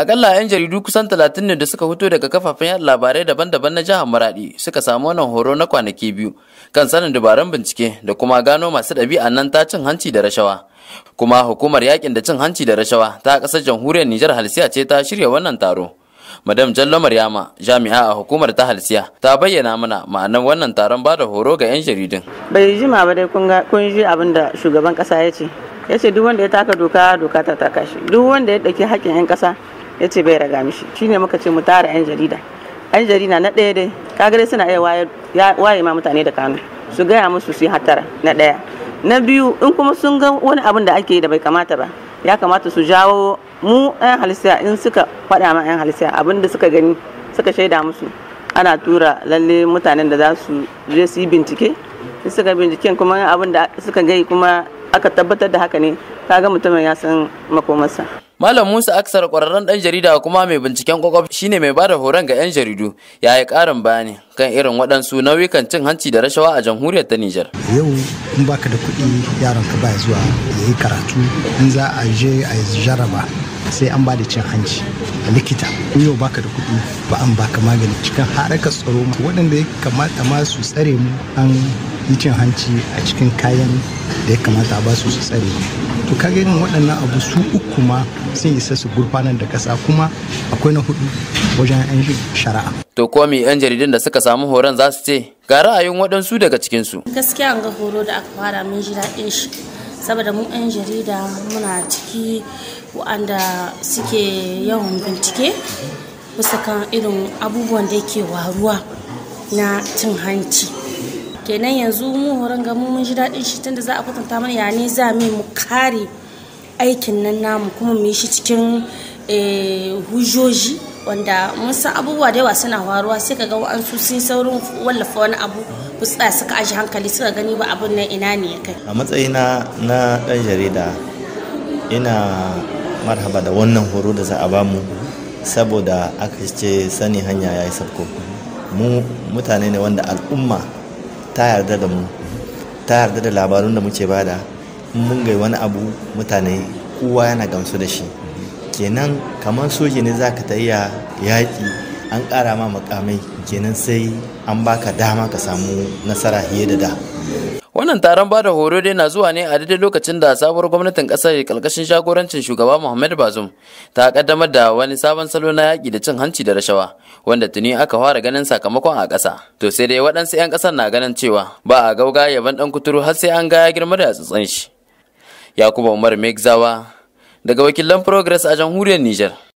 Akalla 'yan jaridu kusan talatin ne da suka fito daga kafafen yada labarai daban-daban na jihar Maradi suka samu wannan horo na kwanaki biyu kan sanin dabarun bincike da kuma gano masu ɗabi'a nan ta cin hanci da rashawa. Kuma hukumar yakin da cin hanci da rashawa ta ƙasar jamhuriyar Nijar Halsiya ce ta shirya wannan taro. Madam Jallo Maryama jami'a a hukumar ta Halsiya ta bayyana mana ma'anar wannan taron bada horo ga 'yan jaridun. Bai jima ba dai kun ji abin da shugaban ƙasa ya ce. Ya ce duk wanda ya taka doka doka ta taka shi. Duk wanda ya ɗauki haƙƙin 'yan ƙasa ya ce bai raga mishi shine muka ce mu tara 'yan jarida 'yan jarida na ɗaya dai kaga dai suna iya waye ma mutane da kanu su gaya musu su yi hatara na ɗaya na biyu in kuma sun ga wani abin da ake yi da bai kamata ba ya kamata su jawo mu 'yan halisiya in suka faɗa ma 'yan halisiya abin da suka gani suka shaida musu ana tura lalle mutanen da za su je su yi bincike in suka binciken kuma abin da suka gai kuma aka tabbatar da haka ne kaga mutumin ya san makomarsa Malam Musa Aksar ƙwararren ɗan jarida kuma mai binciken kwakwaf shine mai bada horon ga 'yan jaridu ya yi ƙarin bayani kan irin waɗansu nauyukan cin hanci da rashawa a jamhuriyar ta Nijar. Yau in baka da kuɗi yaron ka baya zuwa ya yi karatu in za a je a jaraba sai an bada cin hanci a likita in yau baka da kuɗi ba an baka magani cikin haraka tsaro waɗanda ya kamata ma su tsare mu an cin hanci a cikin kayan da ya kamata a basu su tsare to kaga irin waɗannan abu su uku ma sun isa su gurfanar da ƙasa kuma akwai na hudu wajen 'yan shari'a to ko me 'yan jaridun da suka samu horon za su ce ga ra'ayin waɗansu daga cikinsu gaskiya an ga horo da aka fara mun ji daɗin shi saboda mun 'yan jarida muna ciki waɗanda suke yawan bincike bisa kan irin abubuwan da yake waruwa na cin hanci kenan yanzu mu horon gamu mun ji daɗin shi tunda za a kwatanta mana ya ne za mu mu kare aikin nan namu kuma mu yi shi cikin eh, hujjoji wanda mun san abubuwa da yawa suna faruwa sai ka ga wa'ansu sun saurin wallafa wani abu ba su tsaya suka aji hankali suka gani ba abin nan ina ne ya kai a matsayina na ɗan jarida ina marhaba da wannan horo da za a bamu saboda aka ce sani hanya ya yi sabko mu mutane ne wanda al'umma ta yarda da mu ta yarda da labarun da muke bada mun gai wani abu mutane kowa yana gamsu da shi kenan kamar soji ne za ka ta iya yaƙi an ƙara ma makamai kenan sai an baka dama ka samu nasara fiye da da Wannan taron ba da horo dai na zuwa ne a daidai lokacin da sabuwar gwamnatin ƙasar karkashin shagorancin shugaba Muhammad Bazum ta ƙaddamar da wani sabon salo na yaƙi da cin hanci da rashawa wanda tuni aka fara ganin sakamakon a ƙasa. To sai dai waɗansu 'yan ƙasar na ganin cewa ba a gauga yaban ɗan kuturu har sai an ga ya girma da tsantsan shi. Yakubu Umar Megzawa daga wakilan Progress a jamhuriyar Nijar.